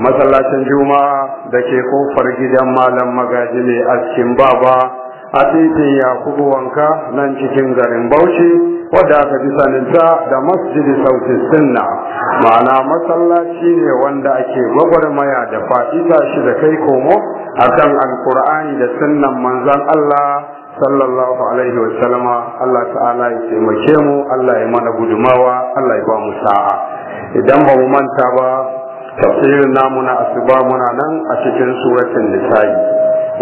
masallacin juma'a da ke kofar gidan malam Magaji a askin baba a titin yakubu wanka nan cikin garin bauchi wadda aka fi saninta da masjidi sauti sunna ma'ana masallaci ne wanda ake gwagwarmaya da fa'ita shi da kai komo akan alkur'ani da sunnan manzan allah sallallahu alaihi wa sallama Allah ta'ala ya taimake mu Allah ya mana gudumawa Allah ya ba mu sa'a idan ba mu manta ba tafsirin namu na asuba muna nan a cikin suratun nisa'i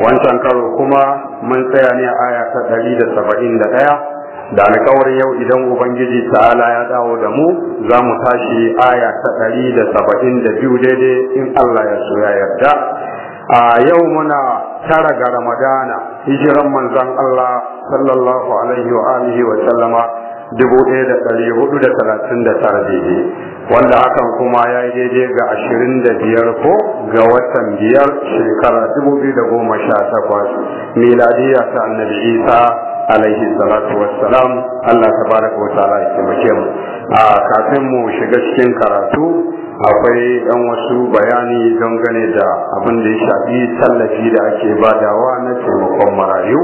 wancan karo kuma mun tsaya ne a aya ta 171 da Da alkawarin yau idan ubangiji ta'ala ya dawo da mu za mu tashi aya ta biyu daidai in Allah ya so ya yarda a yau muna tara ga ramadana hijiran manzon Allah sallallahu alaihi wa alihi wa sallama dubu ɗaya da hudu da talatin da tara wanda hakan kuma ya yi daidai ga ashirin da biyar ko ga watan biyar shekara dubu biyu da goma sha takwas ta annabi isa alaihi salatu wassalam allah ta baraka wa ta'ala ya taimake mu a kafin mu shiga cikin karatu akwai ɗan wasu bayani dangane da abin da ya shafi tallafi da ake badawa na taimakon marayu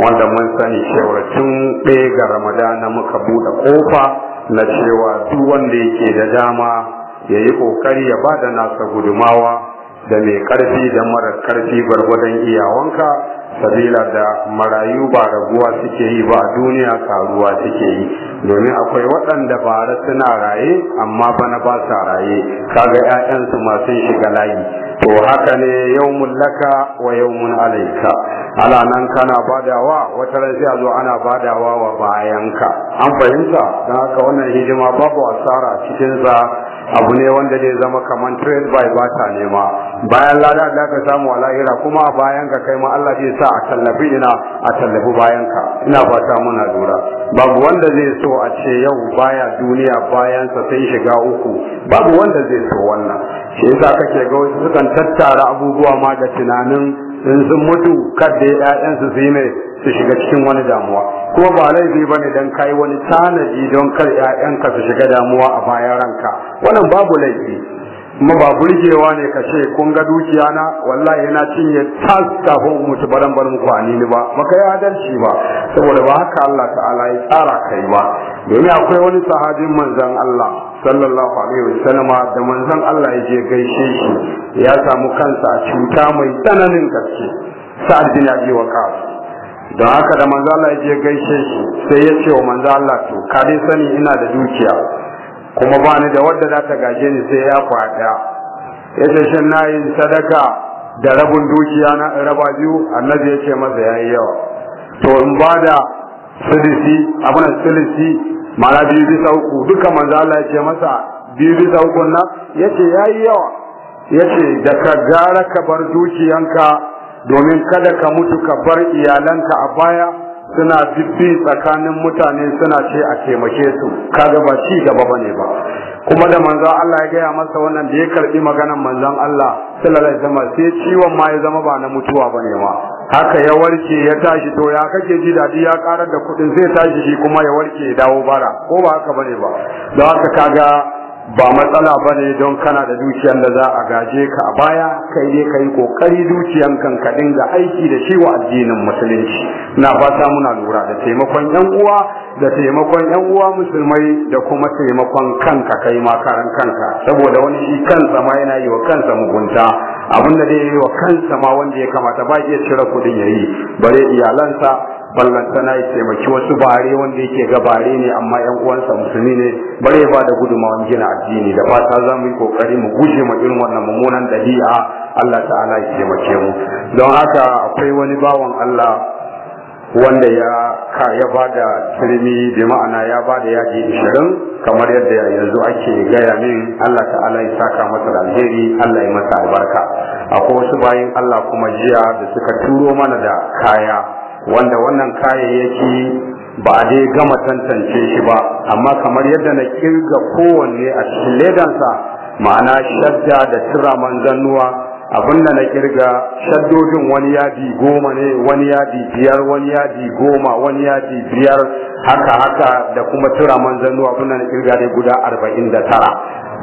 wanda mun sani cewa tun ɗaya ga ramadana muka buɗe ƙofa na cewa duk wanda yake da dama ya yi ƙoƙari ya ba da nasa gudumawa da mai ƙarfi da mara ƙarfi gwargwadon iyawanka sabila da marayu ba raguwa suke yi ba duniya karuwa suke yi domin akwai waɗanda bara suna raye amma bana ba sa raye kaga 'ya'yansu masu shiga layi to haka ne yawmun laka wa yawmun alaika ala nan kana badawa wata ran sai a zo ana badawa wa bayanka an fahimta don haka wannan hidima babu asara cikin sa abu ne wanda zai zama kamar trade by bata nema bayan lada da ka samu a lahira kuma a bayan ka kai ma Allah zai sa a tallafi ina a tallafi bayan ka ina fata muna lura babu wanda zai so a ce yau baya duniya bayan sa sai shiga uku babu wanda zai so wannan shi yasa kake ga wasu sukan tattara abubuwa ma da tunanin in sun mutu kadda ya'yan su yi ne su shiga cikin wani damuwa kuma ba laifi ba ne don kai wani tanadi don kar 'ya'yanka su shiga damuwa a bayan ranka wannan babu laifi kuma ba burgewa ne ka ce kun ga dukiya na wallahi yana cinye tas kafin mutu baran bar muku ne ba maka yi adalci ba saboda ba haka Allah ta'ala ya tsara kai ba domin akwai wani sahabin manzon Allah sallallahu alaihi wasallam da manzon Allah ya je gaishe shi ya samu kansa a cuta mai tsananin gaske sa'ad bin abi waqas don haka da manzon Allah ya je gaishe shi sai ya ce wa manza Allah to ka dai sani ina da dukiya kuma ba ni da wadda za ta gaje ni sai ya kwada ya shin na yi sadaka da rabin dukiya na raba biyu annabi yace masa yayi yawa to in bada da silisi abin silisi mana biyu bisa uku duka manzo Allah ya ce masa biyu bisa uku na ya ce yawa yace da ka gara ka bar dukiyanka domin kada ka mutu ka bar iyalanka a baya suna fifi tsakanin mutane suna ce a taimake su kaga ba ci gaba ne ba kuma da manzon Allah ya gaya masa wannan da ya karbi maganan manzon Allah sallallahu alaihi wasallam sai ciwon ma ya zama ba na mutuwa bane ma haka ya warke ya tashi to ya kake ji dadi ya karar da kudin zai tashi shi kuma ya warke ya dawo bara ko ba haka bane ba don haka kaga ba matsala ba ne don kana da dukiyar da za a gaje ka a baya kai ne ka yi kokari dukiyar kan ka dinga aiki da shi wa addinin musulunci na fata muna lura da taimakon yan uwa da taimakon yan uwa musulmai da kuma taimakon kanka kai ma karan kanka saboda wani shi kansa ma yana yi wa kansa mugunta abin da zai yi wa kansa ma wanda ya kamata ba iya cire kuɗin ya yi bare iyalansa tana ya taimaki wasu bare wanda yake ga bare ne amma yan uwansa musulmi ne bare ya bada gudunmawan gina addini da fata za mu yi kokari mu guje ma irin wannan mummunan dabi'a Allah ta'ala ya taimake mu don haka akwai wani bawan Allah wanda ya ka ya bada turmi bi ma'ana ya bada yaji 20 kamar yadda yanzu ake gaya min Allah ta'ala ya saka masa alheri Allah ya masa albarka akwai wasu bayin Allah kuma jiya da suka turo mana da kaya wanda wannan kayayyaki ba a dai gama tantance shi ba amma kamar yadda na kirga kowanne a cikin ledansa ma'ana shadda da tura zannuwa abin da na kirga shaddojin wani yadi goma ne wani yadi biyar wani yadi goma wani yadi biyar haka haka da kuma tura zannuwa abin da na kirga dai guda arba'in da tara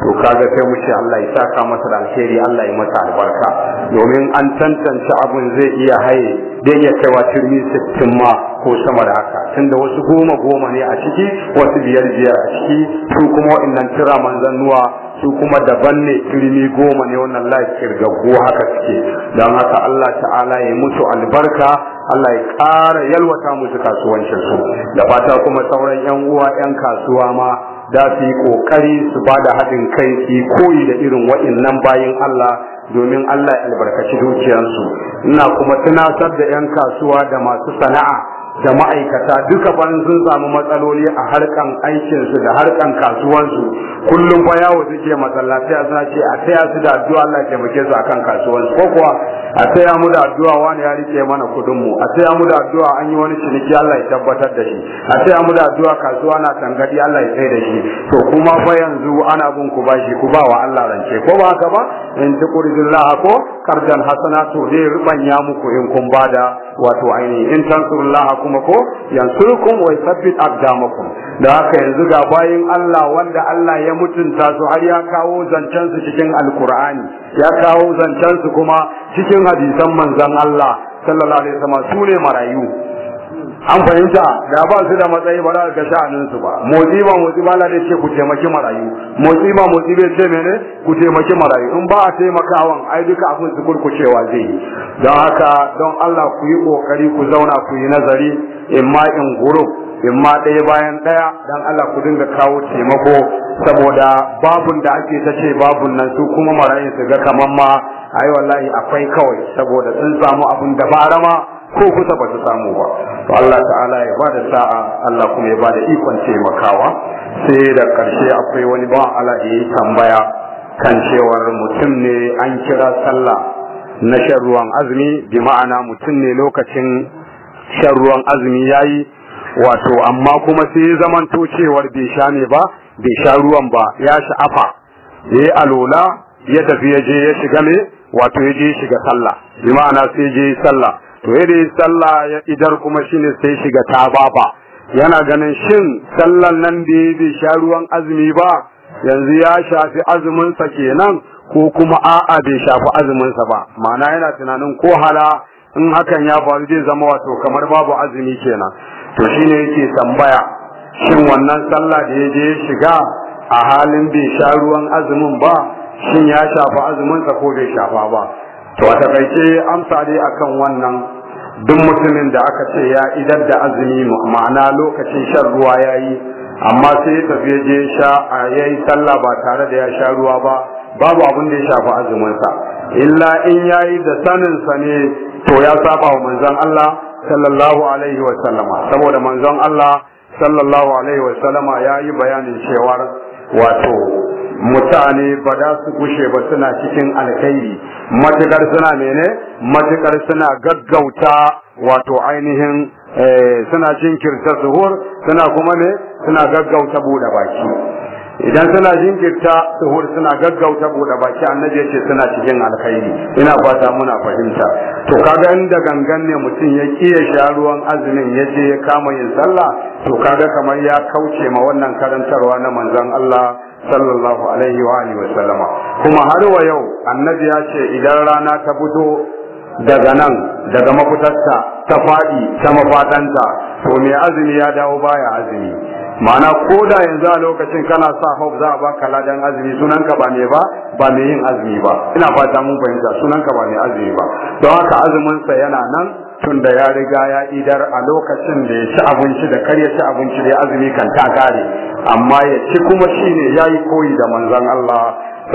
to kaga sai mu ce Allah ya saka masa da alheri Allah ya masa albarka domin an tantance abun zai iya haye dan ya kaiwa turmi sittin ma ko sama da haka tunda wasu goma goma ne a ciki wasu biyar biyar a ciki su kuma wa'annan tira nuwa su kuma daban ne turmi goma ne wannan lafiyar gaggo haka suke don haka Allah ta'ala ya mutu albarka Allah ya ƙara yalwata musu kasuwancin su da fata kuma sauran 'yan uwa 'yan kasuwa ma da su yi kokari su ba da haɗin kai su koyi da irin waɗannan bayan Allah domin Allah ya albarkaci dukiyarsu ina kuma tunasar da 'yan kasuwa da masu sana'a da ma'aikata duka bayan sun samu matsaloli a harkan aikinsu da harkan kasuwansu kullum fa yawo suke masallaci a suna ce a taya su da addu'a Allah ya taimake su akan kasuwansu ko kuwa a taya mu da addu'a wani ya rike mana kudin mu a taya mu da addu'a an yi wani ciniki Allah ya tabbatar da shi a taya mu da addu'a kasuwa na tangadi Allah ya tsaye da shi to kuma fa yanzu ana bin ku bashi ku ba wa Allah rance ko ba haka ba in tukuridillah ko kardan hasanatu to zai rubanya muku in kun bada wato ainihin in Laha kuma ko yansurkum wa yusabbit aqdamakum da haka yanzu ga bayin Allah wanda Allah ya mutunta su har ya kawo zancen su cikin alqur'ani ya kawo zancen su kuma cikin hadisan manzon Allah sallallahu alaihi wasallam su ne marayu an fahimta da ba su da matsayi ba za ka sha'anin su ba motsi ba motsi ba la ce ku taimaki marayu motsi ba motsi bai ce mene ku taimaki marayu in ba a taimakawan ai duka abin su kurkucewa zai yi don haka don Allah ku yi kokari ku zauna ku yi nazari in ma in guru in ma ɗaya bayan ɗaya don Allah ku dinga kawo taimako saboda babun da ake ta ce babun nan su kuma marayu su ga kamar ma ai wallahi akwai kawai saboda sun samu abin da ba ko kusa ba su samu ba to Allah ta'ala ya bada sa'a Allah kuma ya bada ikon taimakawa sai da karshe akwai wani ba Allah ya tambaya kan cewar mutum ne an kira sallah na shan ruwan azumi bi ma'ana mutum ne lokacin shan ruwan azumi yayi wato amma kuma sai zamanto cewar bai sha ne ba bai sha ruwan ba ya sha'afa yayi alola ya tafi ya je ya shiga me wato ya je shiga sallah bi ma'ana sai je sallah to yadda sallah ya idar kuma shine sai shiga tababa yana ganin shin sallan nan da ya bai sha ruwan azumi ba yanzu ya shafi azuminsa kenan ko kuma a'a bai shafi azuminsa ba ma'ana yana tunanin ko hala in hakan ya faru zai zama wato kamar babu azumi kenan to shine yake tambaya shin wannan sallah da ya je shiga a halin bai sha ruwan azumin ba shin ya shafi azuminsa ko bai shafa ba to a takaice amsa dai akan wannan duk mutumin da aka ce ya idar da azumi ma'ana lokacin shan ruwa ya yi amma sai ya tafi je sha ya yi sallah ba tare da ya sha ruwa ba babu abin da ya shafi azuminsa illa in ya yi da saninsa ne to ya saba wa manzon Allah sallallahu alaihi wa saboda manzon Allah sallallahu alaihi wa ya yi bayanin cewar wato mutane ba da su kushe ba suna cikin alkhairi matukar suna mene matukar suna gaggauta wato ainihin eh, suna jinkirta zuhur suna kuma ne suna gaggauta bude baki idan suna jinkirta suhur suna gaggauta bude baki annabi ce suna cikin alkhairi ina fata muna fahimta to kaga inda gangan ne mutum ya kiye sha ruwan azumin je ya kama yin sallah to kaga kamar ya kauce ma wannan karantarwa na manzon Allah sallallahu alaihi wa alihi wa sallama kuma har wa yau annabi ya ce idan rana ta fito daga nan daga mafitarta ta faɗi ta mafaɗanta to mai azumi ya dawo baya azumi ma'ana ko da yanzu a lokacin kana sa hope za a baka ladan azumi sunanka ba ne ba ba mai yin azumi ba ina fata mun fahimta sunanka ba mai azumi ba don haka azumin sa yana nan tun da ya riga ya idar a lokacin da ya ci abinci da kar ya ci abinci da azumi kan ta kare amma ya ci kuma shine yayi koyi da manzon Allah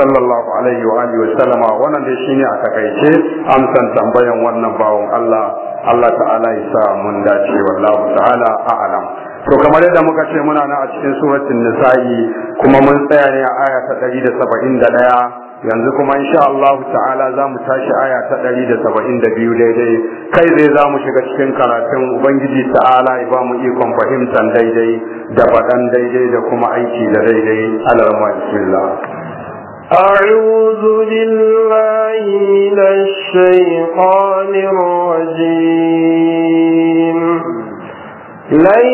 sallallahu alaihi wa alihi wa sallama wannan dai shine a takaice amsan tambayan wannan bawon Allah Allah ta'ala ya sa mun dace wallahu ta'ala a'lam to kamar yadda muka ce muna nan a cikin suratul nisa'i kuma mun tsaya ne a aya ta 171 yanzu kuma insha Allah ta'ala za mu tashi aya ta 172 daidai kai zai za mu shiga cikin karatun ubangiji ta'ala ya ba mu ikon fahimtan daidai da faɗan daidai da kuma aiki da daidai alarma bismillah أعوذ بالله من الشيطان الرجيم لن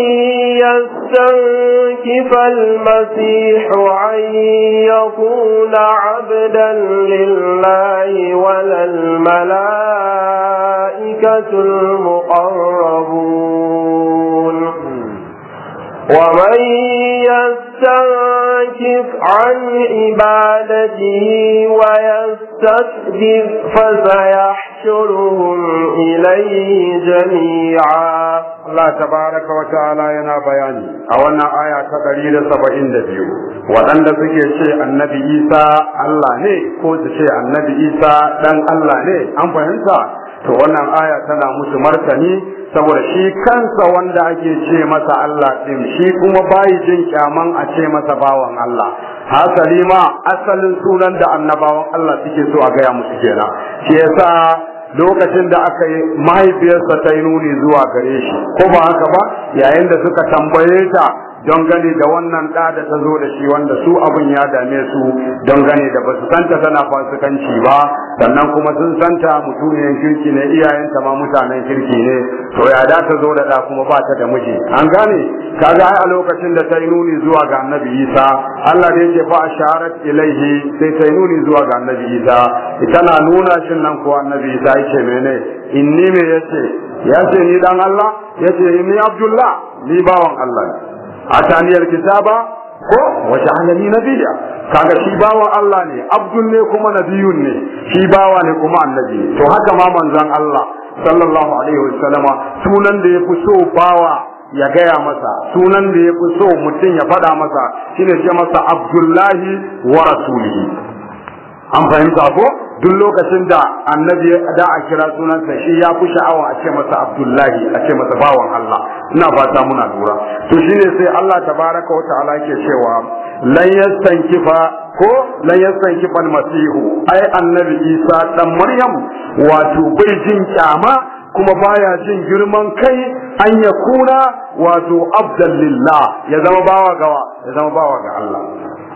يستنكف المسيح أن يكون عبدا لله ولا الملائكة المقربون ومن يستنكف عن عبادته ويستكبر فسيحشرهم إليه جميعا Allah tabaraka wa ta'ala yana bayani a wannan aya ta 172 waɗanda suke ce annabi Isa Allah ne ko su ce annabi Isa ɗan Allah ne an fahimta to wannan aya tana musu martani saboda shi kansa wanda ake ce masa Allah ɗin, shi kuma bayi jin kyaman a ce masa bawan Allah hasali ma asalin sunan da annabawan Allah suke so a gaya musu kenan shi yasa lokacin da aka yi mahaifiyarsa ta yi nuni zuwa gare shi ko ba haka ba yayin da suka tambaye ta Don gani da wannan da da ta zo da shi wanda su abun ya dame su don gani da basu santa tana fasikanci ba sannan kuma sun santa mutumin kirki ne iyayenta ma mutanen kirki ne to ya da ta zo da da kuma ba ta da miji an gane Ka kaga a lokacin da ta yi nuni zuwa ga annabi Isa Allah da yake fa asharat ilaihi sai ta yi nuni zuwa ga annabi Isa tana nuna shin nan ko annabi Isa yake mene inni me yace yace ni dan Allah yace ni Abdullah ni bawan Allah A ataniyar kitaba ko wa ja'alani nabiya kaga shi bawan Allah ne Abdul ne kuma nabiyun ne shi bawa ne kuma annabi to haka ma manzon Allah sallallahu alaihi wasallama sunan da ya fi so bawa ya gaya masa sunan da ya fi so mutum ya faɗa masa shine ce masa abdullahi wa rasulihi an fahimta ko duk lokacin da annabi da a kira sunansa shi ya fi sha'awa a ce masa abdullahi a ce masa bawan Allah ina fata muna lura to shine sai Allah tabaraka wa ta'ala ke cewa lan yastankifa ko lan yastankifa almasihu ai annabi Isa dan Maryam wato bai jin kyama kuma baya jin girman kai an ya kuna wato abdallillah ya zama bawa gawa ya zama bawa ga Allah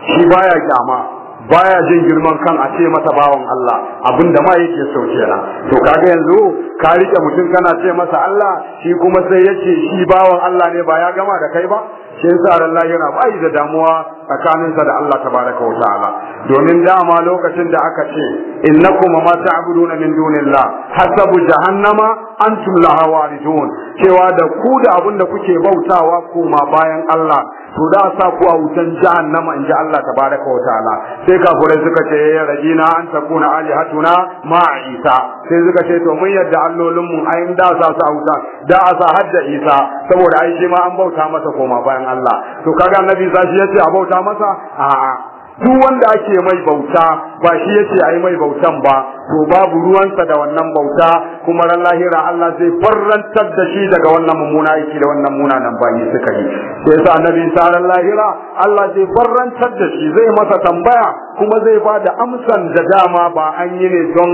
shi baya kyama baya jin girman kan a ce masa bawan Allah abinda ma yake sauke kenan to kaga yanzu ka rike mutum kana ce masa Allah shi kuma sai yace shi bawan Allah ne ba ya gama da kai ba shi yasa Allah yana bai da damuwa tsakaninsa da Allah tabaraka wa ta'ala domin dama lokacin da aka ce innakum ma ta'buduna min dunillah hasabu jahannama antum laha waridun cewa da ku da abinda kuke bautawa kuma bayan Allah to da sa ku a wutan jahannama in ji Allah tabaraka wa ta'ala sai kafirai suka ce ya eh, rajina an takuna alihatuna ma Isa sai suka ce to mun yadda allolin mu ai da sa su a wuta da sa hadda Isa saboda ai shi ma an bauta masa koma bayan Allah to kaga annabi sa shi yace a bauta masa a'a duk wanda ake mai bauta ba shi yace ayi mai bautan ba to babu ruwansa da wannan bauta kuma ran lahira Allah zai farrantar da shi daga wannan mummuna aiki da wannan munanan bayi suka yi sai yasa annabi sallallahu lahira Allah zai farrantar da shi zai masa tambaya kuma zai ba da amsan da dama ba an yi ne don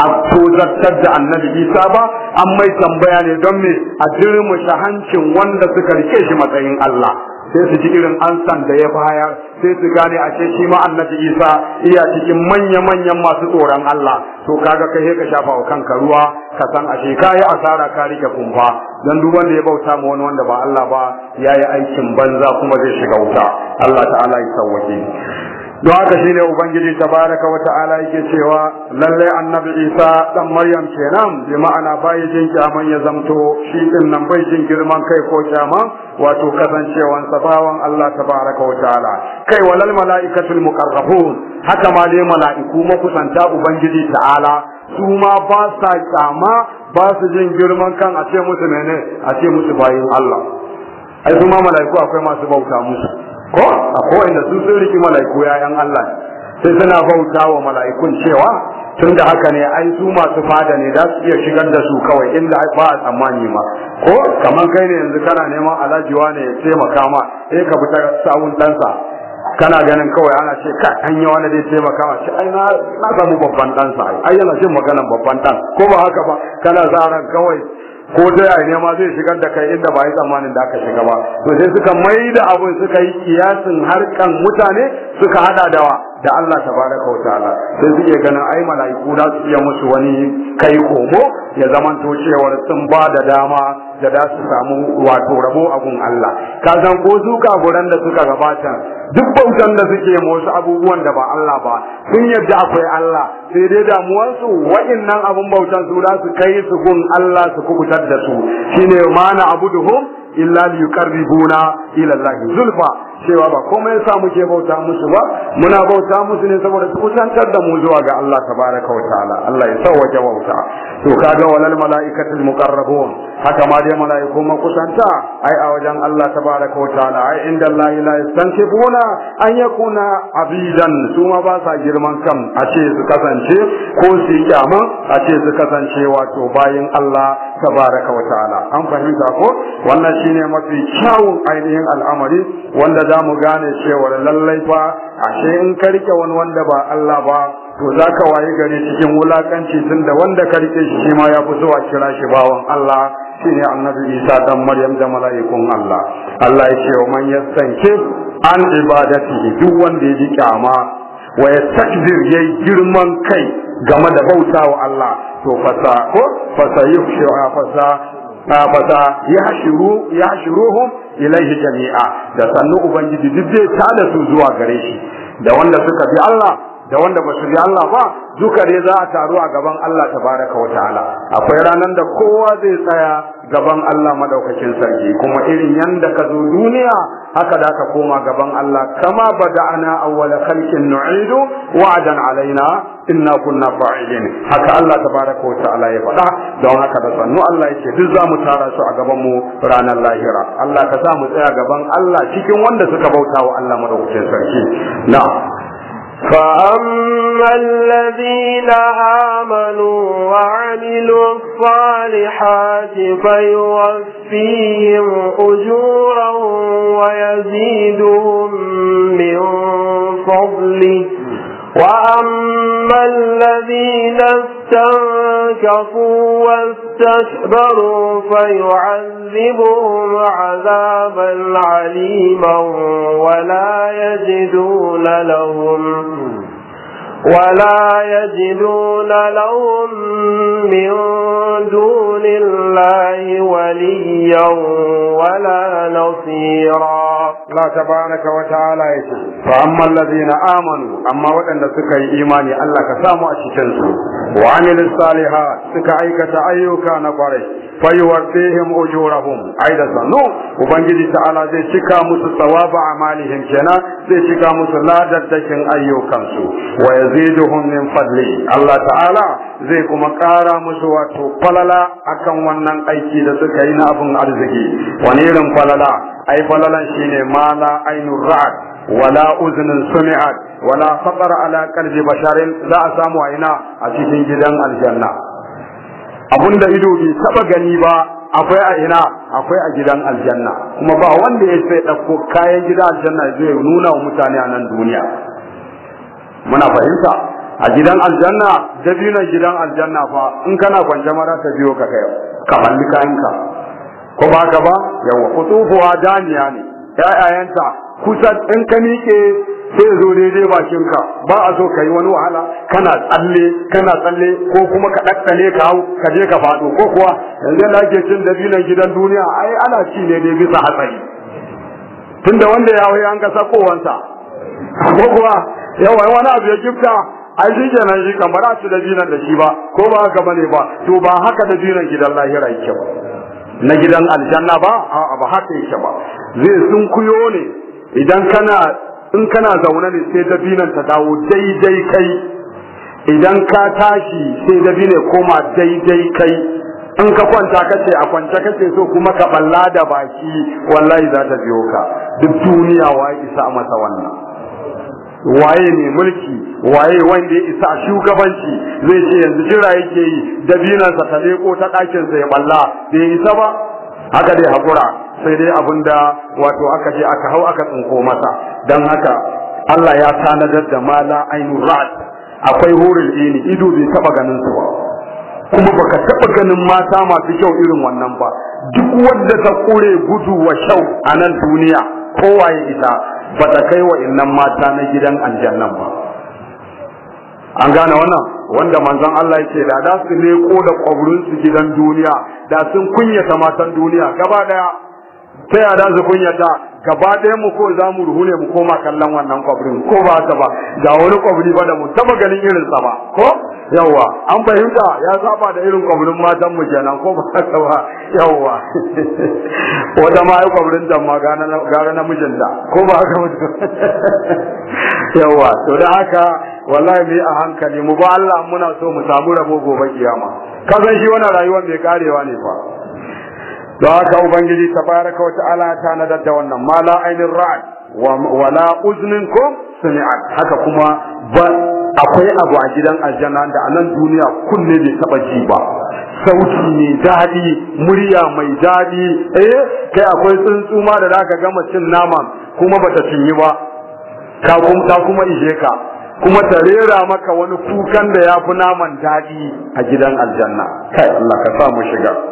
a tozartar da annabi Isa ba an mai tambaya ne don me a dirmusha hancin wanda suka rike shi matsayin Allah sai su ji irin ansan da ya baya sai su gane a ce shi ma annabi isa iya cikin manya-manyan masu tsoron Allah to kaga kai ka shafa wa kanka ruwa ka san ashe ka yi asara ka rike kumfa don duk wanda ya bauta ma wani wanda ba Allah ba ya yi aikin banza kuma zai shiga wuta Allah ta'ala ya sauwake don haka shi ne ubangiji tabaraka wa ta'ala yake cewa lallai annabi isa dan maryam kenan bi ma'ana bai jin kyaman ya zamto shi din nan bai jin girman kai ko kyaman wato kasancewan sabawan Allah tabaraka wa ta'ala kai walal mala'ikatul muqarrabun haka ma dai mala'iku makusanta ubangiji ta'ala su ma ba sa kyama ba su jin girman kan a ce musu mene a ce musu bayin Allah ai kuma mala'iku akwai masu bauta musu ko a kowanne su sun riki mala'iku yayan Allah sai suna bauta wa mala'ikun cewa tun da haka ne ai su masu fada ne za su iya shigar da su kawai inda ba a tsammani ma ko kamar kai ne yanzu kana neman alhaji ne ya taimaka ma sai eh, ka fita sawun ɗansa kana ganin kawai ana ce ka an yi wani zai taimaka ma ai na samu babban ɗansa ai yana shin maganan babban ɗan ko ba haka ba kana sa ran kawai ko ta yaya ma zai shigar da kai inda ba yi tsammanin da aka shiga ba to sai suka mai da abin suka yi kiyasin harkan mutane suka hada wa da Allah ta tabaraka wa ta'ala sai suke ganin ai mala'iku da su iya musu wani kai komo ya to cewar sun ba da dama da za su samu wato rabo abun Allah ka zan ko su kafuran da suka gabata duk bautan da suke ma wasu abubuwan da ba Allah ba sun yadda akwai Allah sai dai damuwarsu wa'innan abun bautan su da su kai su gun Allah su kubutar da su shine mana abuduhum illa liyuqarribuna ila Allah zulfa cewa ba komai yasa muke bauta musu ba muna bauta musu ne saboda su kusantar da mu zuwa ga Allah tabaraka wa ta'ala Allah ya sauwake bauta to kaga walal malaikatul muqarrabun haka ma dai malaiku makusanta kusanta ai a wajen Allah tabaaraka wa taala ai inda Allah la yastankibuna an yakuna abidan su ma ba sa girman kan a ce su kasance ko su yi kyama a ce su kasance wato bayin Allah tabaaraka wa taala an fahimta ko wannan shine mafi kyawun ainihin al'amari wanda za mu gane cewa lallai fa ashe in ka wani wanda ba Allah ba to za ka wayi gare cikin wulakanci tun da wanda ka rike shi ma ya fi zuwa kira shi bawan Allah shi ne annabi Isa dan Maryam da mala'ikun Allah Allah ya ce wa man yastanke an ibadati duk wanda ya ji kyama wa yastakbir yayi girman kai game da bauta wa Allah to fasa ko fasa yushu fasa fasa ya shiruhun ilaihi jami'a da sannu ubangiji duk zai tada su zuwa gare shi da wanda suka bi Allah da wanda ba su bi Allah ba duka dai za a taru a gaban Allah tabaraka wa ta'ala akwai ranar da kowa zai tsaya gaban Allah madaukakin sarki kuma irin yanda ka zo duniya haka da ka koma gaban Allah kama bada'ana awwala khalqin nu'idu wa'dan alaina inna kunna fa'ilin haka Allah tabaraka wa ta'ala ya faɗa don haka da sannu Allah yake duk za mu tara su a gaban mu ranar lahira Allah ka sa mu tsaya gaban Allah cikin wanda suka bauta wa Allah madaukakin sarki na'am فأما الذين آمنوا وعملوا الصالحات فيوفيهم أجورا ويزيدهم من فضله وأما الذين استنكفوا واستكبروا فيعذبهم عذابا عليما ولا يجدون لهم ولا يجدون لهم من دون الله وليا ولا نصيرا الله تبارك وتعالى يقول فأما الذين آمنوا أما وأن سكى إيماني الله كسامو أشكنسو وعمل الصالحات سكى أيكة أيوكا نقري فيوفيهم أجورهم أيضا سنو وبنجد تعالى زي شكا مسو ثواب أعمالهم كنا زي شكا مسو لا دكين أيوكا ويز yaziduhum min fadli Allah ta'ala zai kuma kara musu wato falala akan wannan aiki da suka yi na abin arziki wani irin falala ai falalan shine mala ainur ra'at wala uznun sumi'at wala khatar ala qalbi basharin za a samu aina a cikin gidan aljanna abunda ido bai taba gani ba akwai a ina akwai a gidan aljanna kuma ba wanda ya sai dauko kayan gidan aljanna zai nuna wa mutane a nan duniya muna fahimta a gidan aljanna dabinan gidan aljanna fa in kana kwance mara ta biyo ka kai ka kayanka ko ba ka ba yawa kutufuwa daniya ne ƴaƴayenta kusa in ka miƙe sai zo daidai bakinka ba a zo ka yi wani wahala kana tsalle kana tsalle ko kuma ka ɗaɗɗale ka hau ka je ka faɗo ko kuwa yanzu da ake cin dabinan gidan duniya ai ana ci ne dai bisa hatsari tunda wanda ya hau an ga sakowansa ko kuwa yawa wani abu ya kifta ai shi kenan shi kan ba su da dinan da shi ba ko ba haka bane ba to ba haka da dinan gidan lahira yake ba na gidan aljanna ba a ba haka yake ba zai sun kuyo ne idan kana in kana zaune ne sai dabinan ta dawo daidai kai idan ka tashi sai dabine koma daidai kai in ka kwanta kace a kwanta kace so kuma ka balla da baki wallahi za ta biyo ka duk duniya wa isa masa wannan waye ne mulki waye wanda ya isa shugabanci zai ce yanzu jira yake yi binansa ta leko ta ɗakinsa ya balla ya isa ba haka dai hakura sai dai abin da wato aka je aka hau aka tsinko masa don haka Allah ya tanadar da mala ainu ra'at akwai hurin ini ido bai taba ganin su ba kuma baka taɓa ganin mata masu kyau irin wannan ba duk wanda ta kure gudu wa shau a nan duniya kowaye ita ba ta kai wa innan mata na gidan aljannan ba an gane wannan wanda manzon Allah yake da da su leko da kwabrin su gidan duniya da sun kunyata matan duniya gaba daya ta yada su kunyata gaba ɗaya mu ko za mu ruhu ne mu koma kallon wannan kwabrin ko ba ta ba ga wani kwabri ba da mu taba ganin irin sa ba ko yawwa an fahimta ya saba da irin kwabrin matan mu kenan ko ba ta ba yawwa wata ma ai kwabrin da ma gara na mijinta ko ba ka mutu yawwa to da haka wallahi mu a hankali mu ba Allah muna so mu samu rabo gobe kiyama kasan shi wannan rayuwar mai karewa ne fa da haka ubangiji tabaraka wata'ala ta nadar da wannan ma ainin ra'ad wa la uznin ko haka kuma ba akwai abu a gidan aljanna da a nan duniya kunne bai taba ji ba sauti mai daɗi murya mai daɗi eh kai akwai tsuntsu ma da zaka gama cin nama kuma bata cinye ba ka kuma kuma ije ka kuma ta rera maka wani kukan da yafi naman daɗi a gidan aljanna kai Allah ka sa mu shiga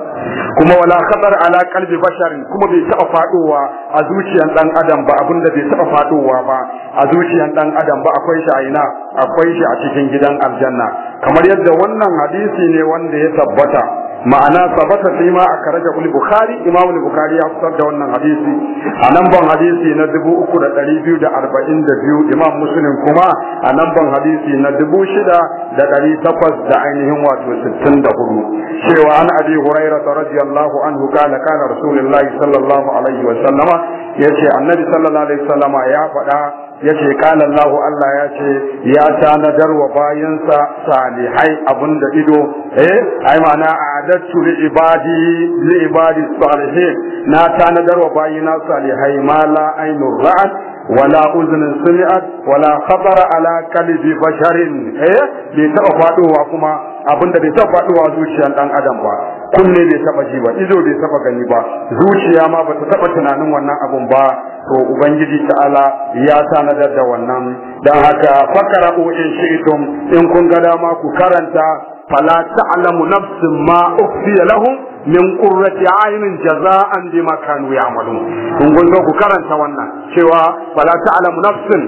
kuma wala khatar ala qalbi bashar kuma bai taba fadowa a zuciyan dan adam ba abinda bai taba fadowa ba a zuciyan dan adam ba akwai shi a ina akwai shi a cikin gidan aljanna kamar yadda wannan hadisi ne wanda ya tabbata ma'ana sabata sai ma a karaja ul bukhari imam ul bukhari ya fitar da wannan hadisi a nan ban hadisi na dubu uku da da da ɗari biyu arba'in biyu, imam muslim kuma a nan ban hadisi na dubu shida da ɗari takwas da ainihin wato 64 cewa an abi hurairah radiyallahu anhu kana kana rasulullahi sallallahu alaihi wa sallama ce annabi sallallahu alaihi wa sallama ya faɗa yace qala Allahu Allah ya ce ya tanadar wa bayansa salihai da ido eh ai ma'ana a'adatu li ibadi li ibadi na tanadar wa bayina salihai ma la ainur ra'at wala uzunin sami'at wala khabara ala kalbi basharin eh bai taba faɗowa kuma abinda bai taɓa fadowa zuciyar ɗan adam ba kunne bai taba ji ba ido bai taba gani ba zuciya ma bata taba tunanin wannan abun ba to ubangiji ta'ala ya tanadar da wannan dan haka fakara in shi'tum in kun ga dama ku karanta fala ta'lamu nafsin ma ukhfiya lahum min qurrati aynin jaza'an bima kanu ya'malun kun ga ku karanta wannan cewa fala ta'lamu nafsin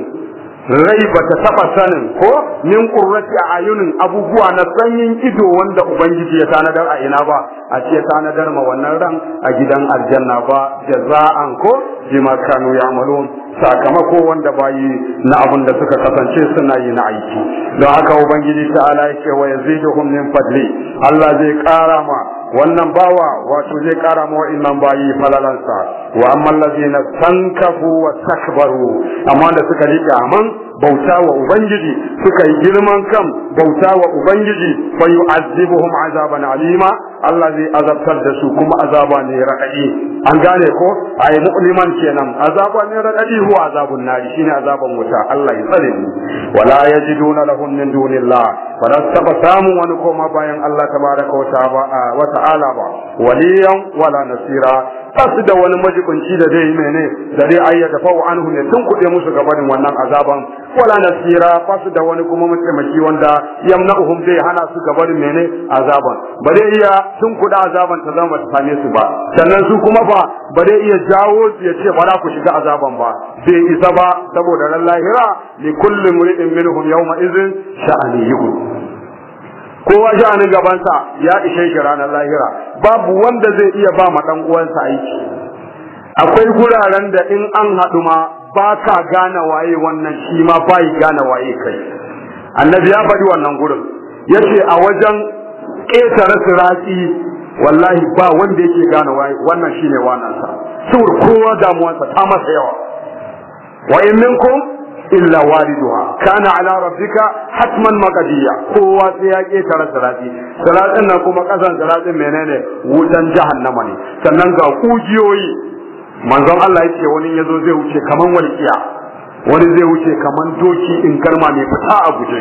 rai ba ta taɓa sanin ko min ƙurrati a ayunin abubuwa na sanyin ido wanda ubangiji ya tanadar a ina ba a ce tanadar ma wannan ran a gidan aljanna ba jaza'an ko jima kanu ya'malun sakamako wanda bayi na abin da suka kasance suna yi na aiki don haka ubangiji ta'ala yake wa yaziduhum min fadli Allah zai ƙara ma wannan bawa wato zai kara ma wa'annan bayi falalansa wa amma allazina sankafu wa takbaru amma da suka rike aman bauta wa ubangiji suka yi girman kan bauta wa ubangiji fa yu'azzibuhum azaban alima Allah zai azabtar da su kuma azaba ne raɗaɗi an gane ko a'yi mu'liman kenan azaba ne raɗaɗi huwa azabun nari shine azaban wuta Allah ya tsare mu wala yajiduna lahum min dunillah wala taba samu wani koma bayan Allah tabaraka wa ta'ala ta'ala ba waliyan wala nasira ba da wani majikunci da zai yi mene da zai ayyaka fa'u anhu ne tun kuɗe musu gabanin wannan azaban wala nasira ba da wani kuma mataimaki wanda yamna'uhum zai hana su gabanin mene azaban ba zai iya tun kuɗa azaban ta zama ta same su ba sannan su kuma ba ba zai iya jawo su ya ce ba za ku shiga azaban ba bai isa ba saboda ran lahira li kulli mri'in minhum yawma idhin sha'ani yuhu kowa sha'anin gabansa ya ishe shi ranar lahira babu wanda zai iya ba ma dan uwansa aiki akwai guraren da in an haɗu ma ba ka gane waye wannan shi ma ba yi gane waye kai annabi ya faɗi wannan gurin yace a wajen ƙetare sirati wallahi ba wanda yake gane waye wannan shine wannan sa saboda kowa sa ta masa yawa wa in minkum illa waliduha kana ala rabbika hatman maqdiya kowa sai ya ketara salati salatin nan kuma kasan salatin menene wutan jahannama ne sannan ga kugiyoyi manzon Allah yake wani yazo zai wuce kaman walkiya wani zai wuce kaman doki in karma mai fita a guje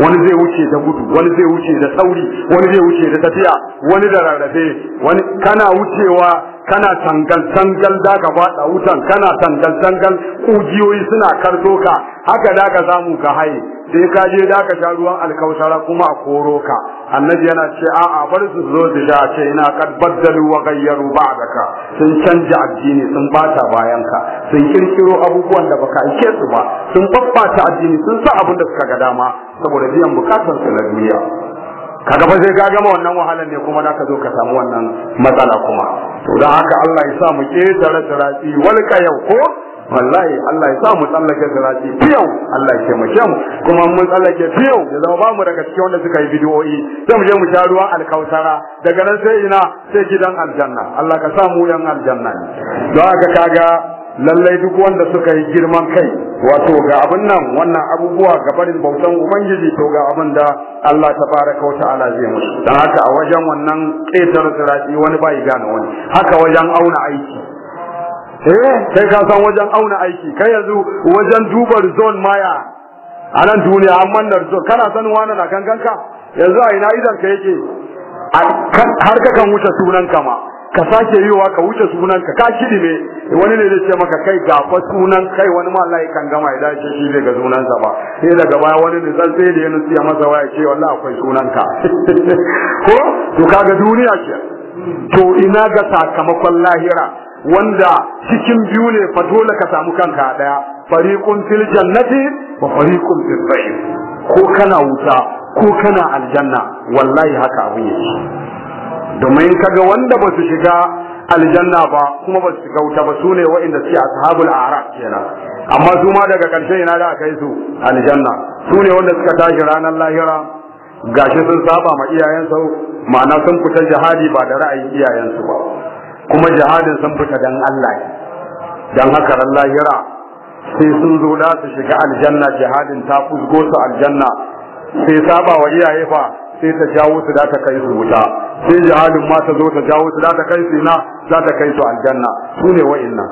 wani zai wuce da gudu wani zai wuce da sauri wani zai wuce da tafiya wani da rarrafe wani kana wucewa kana tangal tangal da ka fada wutan kana tangal tangal kujiyoyi suna karto ka haka da ka samu ka haye sai ka je da ka sha ruwan alkausara kuma a koro ka annabi yana ce a a bar su zo su sha ce ina kad baddalu wa ghayyaru ba'daka sun canja addini sun bata bayan ka sun kirkiro abubuwan da baka aike su ba sun babbata addini sun sa abin da suka ga dama saboda biyan bukatar su na duniya kaga fa sai ka gama wannan wahalar ne kuma zaka zo ka samu wannan matsala kuma to dan haka Allah ya sa mu da sirati wal yau ko wallahi Allah ya sa mu tsallake sirati biyu Allah ya kemace mu kuma mun tsallake biyu da zama ba mu daga cikin wanda suka yi bidiyoyi sai mu je mu sha ruwan alkausara daga nan sai ina sai gidan aljanna Allah ka sa mu yan aljanna don haka kaga lallai duk wanda suka yi girman kai wato ga abin nan wannan abubuwa ga barin bautan ubangiji to ga abin da Allah tabaraka wa ala zai musu Don haka a wajen wannan ƙetar turaki wani bai gane wani haka wajen auna aiki eh sai ka san wajen auna aiki kai yanzu wajen duba zone maya a nan duniya amma nan zo kana sanin wani na ganganka yanzu a ina idan ka yake har kan wuce sunan ka ma. ka sake yiwa ka wuce sunan ka ka kidime wani ne zai ce maka kai ga fa sunan kai wani ma Allah yakan gama ya dace shi zai ga sunan sa ba sai daga baya wani ne zan sai da yana siya masa waya ce wallahi akwai sunan ka ko to kaga duniya ce to ina ga sakamakon lahira wanda cikin biyu ne fa dole ka samu kanka daya fariqun fil jannati wa fariqun fil ko kana wuta ko kana aljanna wallahi haka abin yake domin kaga wanda ba su shiga aljanna ba kuma ba su shiga wuta ba su ne suke ashabul a'raf kenan amma su ma daga ƙarshe ina da aka yi su aljanna su ne wanda suka tashi ranar lahira gashi sun saba ma iyayensu ma'ana sun fita jihadi ba da ra'ayin iyayensu ba kuma jihadin sun fita dan Allah dan haka ran lahira sai sun zo da su shiga aljanna jihadin ta fusgo su aljanna sai saba wa iyaye fa sai ta jawo su da ta kai su wuta sai jahalin ma ta zo ta jawo su da ta kai su na za ta kai su aljanna su ne wa'innan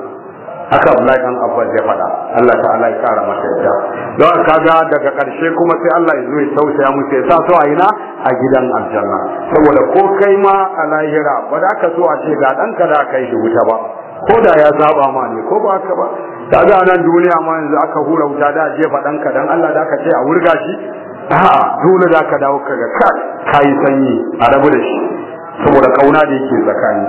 haka Abdullahi kan Abbas ya faɗa Allah ta'ala ya kara masa yadda don kaga daga ƙarshe kuma sai Allah ya zo ya tausaya musu ya sa su a ina a gidan aljanna saboda ko kai ma a lahira ba da ka so a ce ga ka da kai shi wuta ba ko da ya zaba ma ne ko ba haka ba ga nan duniya ma yanzu aka hura wuta da jefa ka dan Allah da aka ce a wurga shi a'a dole za ka dawo kaga ka yi sanyi a rabu da shi saboda kauna da yake tsakani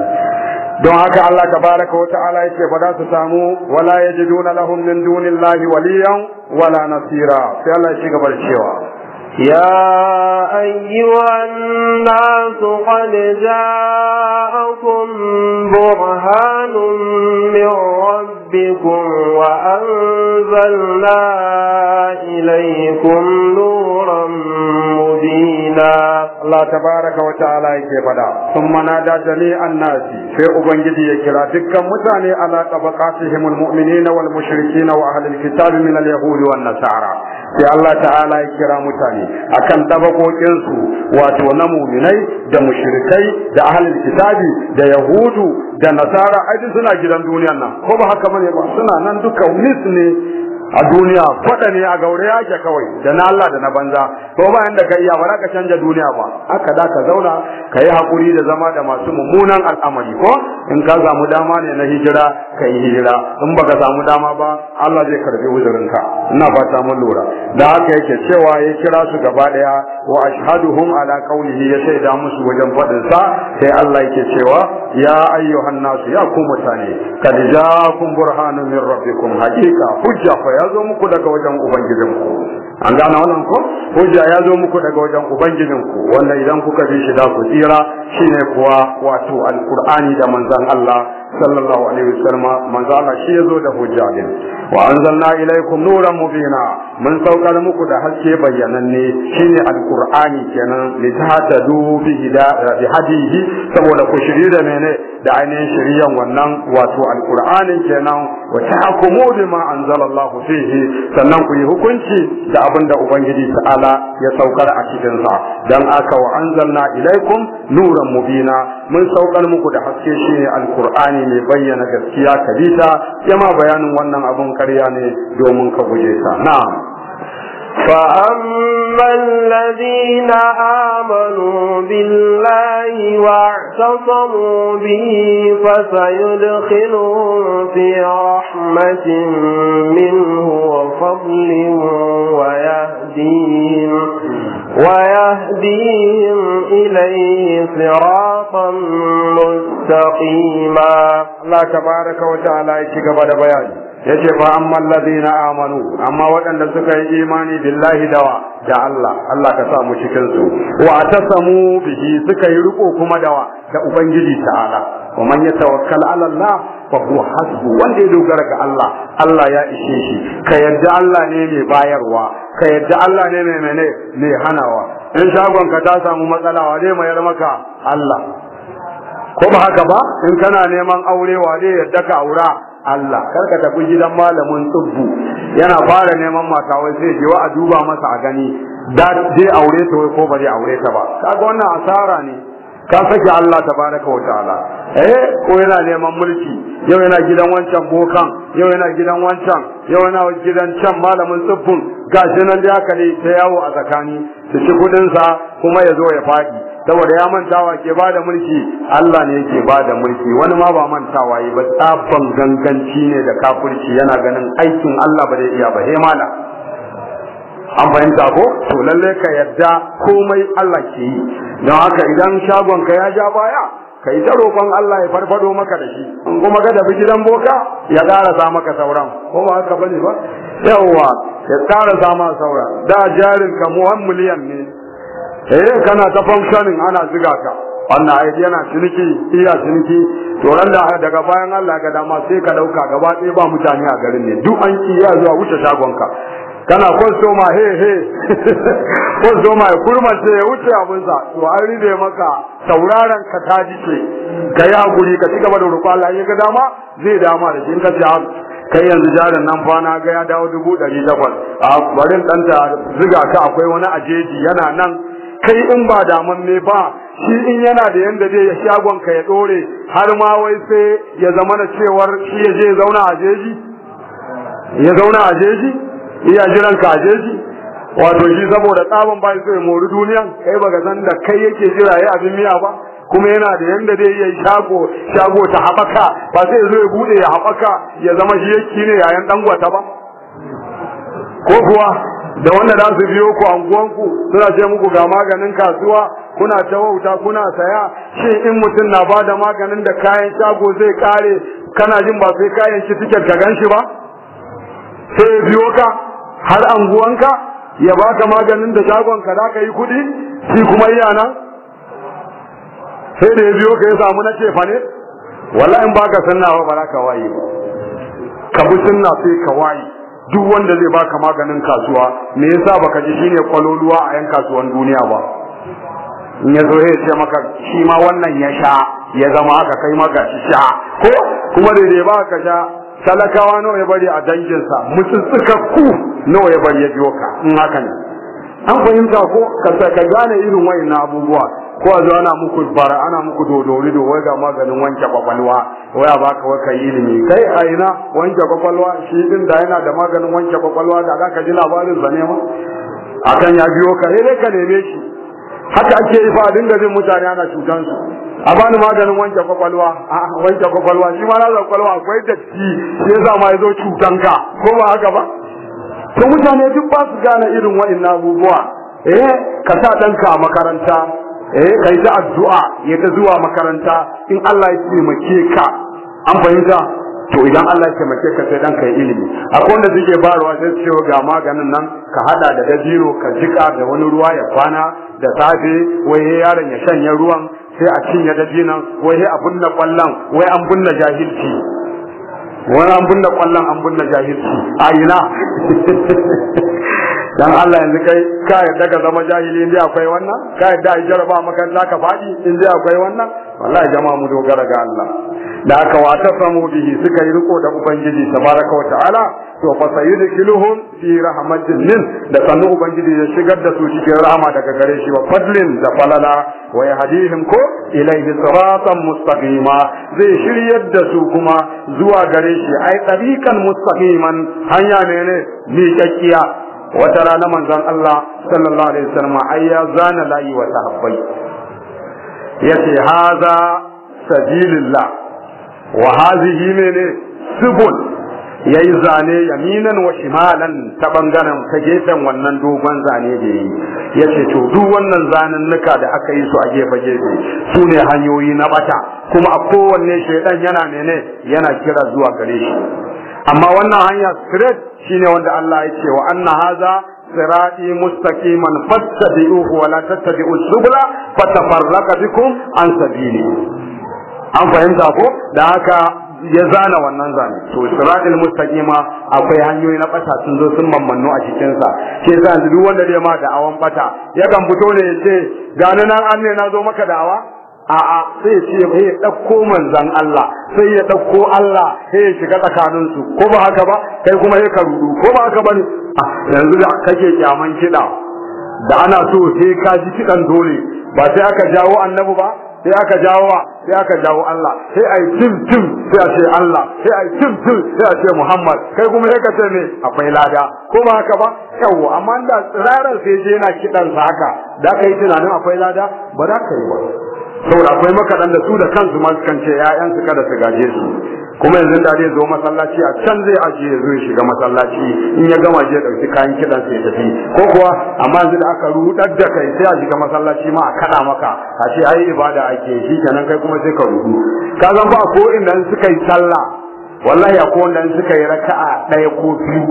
don haka Allah tabaraka wa ta'ala yake ba za su samu wala yajiduna lahum min dunillahi waliyan wala nasira sai Allah ya ci gaba da cewa يا أيها الناس قد جاءكم برهان من ربكم وأنزلنا إليكم نورا مبينا الله تبارك وتعالى يكفدا ثم نادى جميع الناس في أبنجد يكرا دكا متاني على طبقاتهم المؤمنين والمشركين وأهل الكتاب من اليهود والنصارى sai Allah ta'ala ya kira mutane akan dabakokin su wato na mu'minai da mushrikai da ahlul kitabi da yahudu da nasara ai suna gidan duniyan nan ko ba haka bane ba suna nan duka mis ne a duniya kwada ne a gaure yake kawai da na Allah da na banza to bayan da ka iya ba za ka canja duniya ba haka da ka zauna ka yi hakuri da zama da masu mummunan al'amari ko in ka samu dama ne na hijira ka yi hijira in baka samu dama ba Allah zai karbi wuzurinka ina fata mun lura da haka yake cewa ya kira su gaba daya wa ashhaduhum ala qawlihi ya da musu wajen fadin sa sai Allah yake cewa ya ayyuhan nasu ya ku mutane kad ja'akum burhanun min rabbikum hakika hujja ya zo muku daga wajen ubangijinku an gane wannan ko hujja ya zo muku daga wajen ubangijinku wanda idan kuka bi shi da ku tsira shine kuwa wato alqur'ani da manzon Allah sallallahu alaihi wasallam manzon Allah shi ya zo da hujja din wa anzalna ilaykum nuran mubina mun saukar muku da haske bayyananne shine alqur'ani kenan litahtadu bihi bi hadihi saboda ku shiri da mene da ainihin shiriyan wannan wato alqur'anin kenan wa tahkumu bima anzalallahu fihi sannan ku yi hukunci da abinda ubangiji ta'ala ya saukar a cikin sa dan aka wa ilaikum ilaykum nuran mubina mun saukar muku da haske shine alqur'ani mai bayyana gaskiya kabita yama bayanin wannan abun Karya ne domin ka guje ta na'am فأما الذين آمنوا بالله واعتصموا به فسيدخلهم في رحمة منه وفضل ويهديهم ويهديهم إليه صراطا مستقيما الله تبارك وتعالى cigaba بعد بيانه yace fa amma alladhina amanu amma waɗanda suka yi imani billahi dawa da Allah Allah ka sa mu cikin su wa tasamu bihi suka yi riko kuma dawa da ubangiji ta'ala wa man yatawakkal ala Allah fa huwa hasbu wanda ya dogara ga Allah Allah ya ishe shi ka yadda Allah ne mai bayarwa ka yadda Allah ne mai mene mai hanawa in shagon ka ta samu matsala wa ne mayar maka Allah ko ba haka ba in kana neman aure wa ne yadda ka aura Allah kar ka tafi gidan malamin tsubbu yana fara neman mata wai sai je wa a duba masa a gani da zai aure ta wai ko ba zai aure ta ba kaga wannan asara ne ka saki Allah tabaraka wa ta'ala eh ko yana neman mulki yau yana gidan wancan bokan yau yana gidan wancan yau yana gidan can malamin tsubbun gashi nan da aka ne ta yawo a tsakani su ci kudin sa kuma ya zo ya faɗi saboda ya mantawa ke ba da mulki Allah ne yake ba da mulki wani ma ba mantawa yi ba tsafan ganganci ne da kafirci yana ganin aikin Allah ba zai iya ba sai mala an fahimta ko to lalle ka yadda komai Allah ke yi don haka idan shagon ka ya ja baya ka yi ta roƙon Allah ya farfado maka da shi in kuma ka tafi gidan boka ya ƙarasa maka sauran ko ba haka bane ba yawwa ya ƙarasa ma sauran da jarin ka muhammiliyan ne eh kana ta functioning ana ziga ka wannan aiki yana ciniki iya ciniki to ran daga bayan Allah ga dama sai ka dauka gaba ɗaya ba mutane a garin ne duk an ki ya zuwa wuce shagon Ka kana ma he he so ya kurma ya wuce abun sa. to an ride maka sauraron ka ta ce ga yi hakuri ka ci gaba da roƙo Allah ya ga dama zai dama da shi ka kai yanzu jarin nan fa na ga ya dawo dubu ɗari takwas a barin ɗanta ziga ka akwai wani ajeji yana nan kai in ba ne ba shi in yana da yanda zai ya shagon ka ya dore har ma wai sai ya zama da cewar shi ya je zauna a jeji ya zauna a jeji iya jiran ka a jeji wato shi saboda tsaban ba sai mori duniya kai baka san da kai yake jira ya abin miya ba kuma yana da yanda zai ya shago shago ta habaka ba sai zo ya bude ya haɓaka ya zama shi yake ne yayan dangwata ba ko kuwa da wanda za su biyo ku anguwanku suna ce muku ga maganin kasuwa kuna ta wauta kuna saya shin in mutum na ba da maganin da kayan shago zai kare kana jin ba sai kayan shi tiket ka gan shi ba sai ya biyo ka har anguwanka ya baka maganin da shagon ka za ka yi kuɗi shi kuma iya nan sai da ya biyo ka ya samu na cefa ne wallahi in baka sunna ba ba ka waye ka bi sunna sai ka waye duk wanda zai baka maganin kasuwa me yasa baka ji shine kwaloluwa a yan kasuwan duniya ba in ya zo sai maka shi ma wannan ya sha ya zama haka kai maka shi sha ko kuma da dai baka sha talakawa nawa ya bari a danginsa mutsutsuka ku nawa ya bari ya biyo ka in haka ne an fahimta ko ka gane irin na abubuwa ko a zo ana muku bara ana muku dodori do wai ga maganin wanke kwakwalwa wai a baka waka ilimi kai a ina wanke kwakwalwa shi din da yana da maganin wanke kwakwalwa da za ka ji labarin zane ma akan ya biyo ka dai ka neme shi haka ake yi fa dinga jin mutane ana cutan su a bani maganin wanke kwakwalwa a wanke kwakwalwa shi ma na kwakwalwa akwai datti sai za ma zo cutan ka ko ba haka ba to mutane duk ba su gane irin waɗannan abubuwa eh ka sa ɗanka a makaranta eh kai ta addu'a ya ta zuwa makaranta in Allah ya taimake ka an fahimta to idan Allah ya taimake ka sai dan kai ilimi akwai wanda suke barwa sai ce ga maganin nan ka hada da gajiro ka jika da wani ruwa ya kwana da safe waye yaron ya shanya ruwan sai a cinye dajinan waye a bunna kwallon waye an bunna jahilci wani an bunna kwallon an bunna jahilci a ina dan Allah yanzu kai ka yadda ka zama jahili in akwai wannan ka yadda a jaraba makaranta ka faɗi in akwai wannan wallahi jama'a mu dogara ga Allah da aka wata samu bihi suka yi riko da ubangiji tabaraka wa ta'ala to fa sayudkhiluhum fi rahmatin min da sanu ubangiji ya shigar da su cikin rahama daga gare shi wa fadlin da falala wa yahdihim ko ilayhi siratan mustaqima zai shiryar da su kuma zuwa gare shi ai tariqan mustaqiman hanya ne ne kakkiya wata rana manzon Allah sallallahu alaihi wasallam ai ya zana layi wa sahabbai yace haza sabilillah wa hazihi mene subul yayi zane yaminan wa shimalan ta bangaren ta gefen wannan dogon zane da yi yace to duk wannan zanen nuka da aka yi su a gefe gefe su ne hanyoyi na bata kuma a kowanne shaidan yana mene yana kira zuwa gare shi amma wannan hanya straight shine wanda Allah ya ce wa anna haza sirati mustaqiman fattabi'uhu wa la tattabi'us subula fatafarraqa bikum an sabili an fahimta ko da haka ya zana wannan zane to siratul mustaqima akwai hanyoyi na bata sun zo sun mammanno a cikin sa ke zan duk wanda zai ma da awan bata yakan fito ne ya ce ga nan an ne na zo maka da'awa a'a sai ce ya ya ɗauko manzan Allah sai ya ɗauko Allah sai ya shiga tsakaninsu ko ba haka ba kai kuma ya karudu ko ba haka ba ne ah, yanzu da kake kyaman kiɗa da ana so sai ka ji kiɗan dole ba sai aka jawo annabi ba sai aka jawo sai aka jawo Allah sai ai tim tim sai a ce Allah sai ai tim tim sai a ce Muhammad kai kuma sai ka ce me akwai lada ko ba haka ba yawo amma da tsirarar sai je yana kiɗan sa haka da kai tunanin akwai lada ba za ka yi ba saboda akwai makaɗan da su da kansu ma sukan ce ‘ya'yansu kada su gaje su kuma yanzu da zai zo masallaci a can zai ajiye ya zo ya shiga masallaci in ya gama je ɗauki kayan kiɗan sai tafi ko kuwa amma yanzu da aka rudar da kai sai a shiga masallaci ma a kaɗa maka a ce ai ibada ake shi kenan kai kuma sai ka rudu ka zan ba ko inda suka yi sallah wallahi ko wanda suka yi raka'a ɗaya ko biyu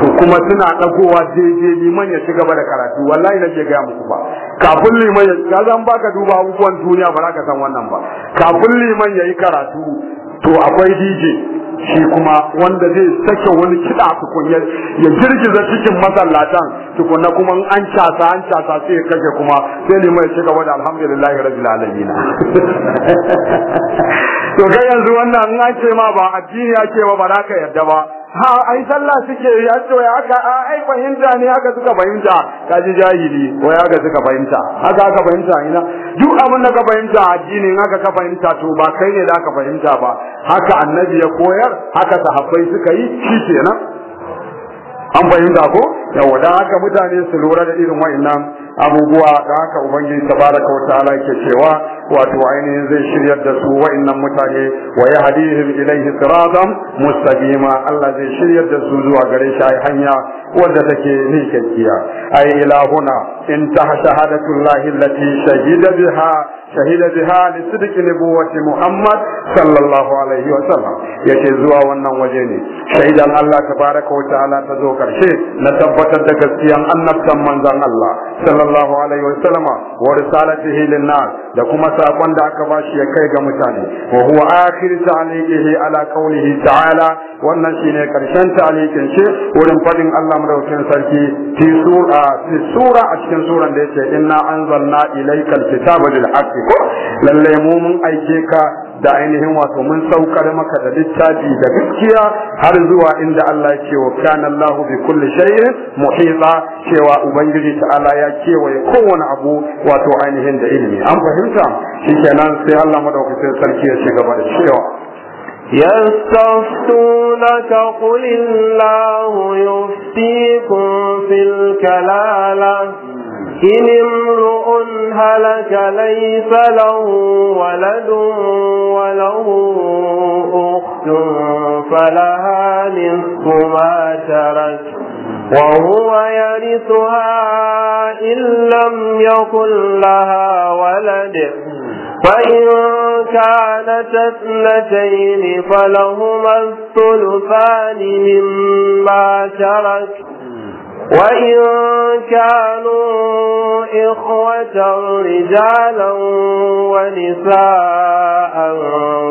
to kuma suna ɗagowa daidai liman ya ci gaba da karatu wallahi na nake gaya muku ba kafin liman ya ka zan baka duba abubuwan duniya ba za ka san wannan ba kafin liman ya yi karatu to akwai DJ shi kuma wanda zai sake wani kiɗa tukun ya girgiza cikin masallatan na kuma an casa an casa sai ya kuma sai ne mai cika wani alhamdulillahi rabbil alamin to ga yanzu wannan an ce ma ba addini ake ba ba za ka yarda ba ha ai sallah suke yi an to ai fahimta ne haka suka fahimta kaji jahili ko ya ga suka fahimta haka aka fahimta ina duk abin da ka fahimta addini in haka ka fahimta to ba kai ne da ka fahimta ba haka annabi ya koyar haka sahabbai suka yi shi kenan an fahimta ko yawa da haka mutane su lura da irin wa'annan abubuwa da haka ubangiji tabaraka wa ta'ala yake cewa wato ainihin zai shiryar da su wa'annan mutane wa hadirin ilaihi siratan mustaqima Allah zai shiryar da su zuwa gare shi hanya wanda take nikakkiya ai ilahuna in ta shahadatu Allah allati shahida biha shahida biha li sidqi nubuwati Muhammad sallallahu alaihi wa sallam yace zuwa wannan waje ne shaidan Allah tabaraka wa ta'ala ta zo karshe na tabbatar da gaskiyan annabtan manzon Allah sallallahu alaihi wa sallama wa risalatihi lin da kuma sakon da aka bashi ya kai ga mutane wa huwa akhir ta'liqihi ala qawlihi ta'ala wannan shine karshen ta'liqin shi wurin fadin Allah madaukakin sarki fi sura fi sura a cikin suran da yake inna anzalna ilaykal kitaba bil haqqi lalle mu mun aike ka da ainihin wato mun saukar maka da littafi da gaskiya har zuwa inda Allah ya ce wa kana Allah bi kulli shay'in muhita cewa ubangiji ta'ala ya kewaye kowane abu wato ainihin da ilimi an fahimta shikenan sai Allah madaukakin sarki ya ci gaba da cewa يستفتونك قل الله يفتيكم في الكلالة إن هلك ليس له ولد وله أخت فلها نصف ما ترك وهو يرثها إن لم يكن لها ولد فإن كانت اثنتين فلهما الثلثان مما ترك وإن كانوا إخوة رجالا ونساء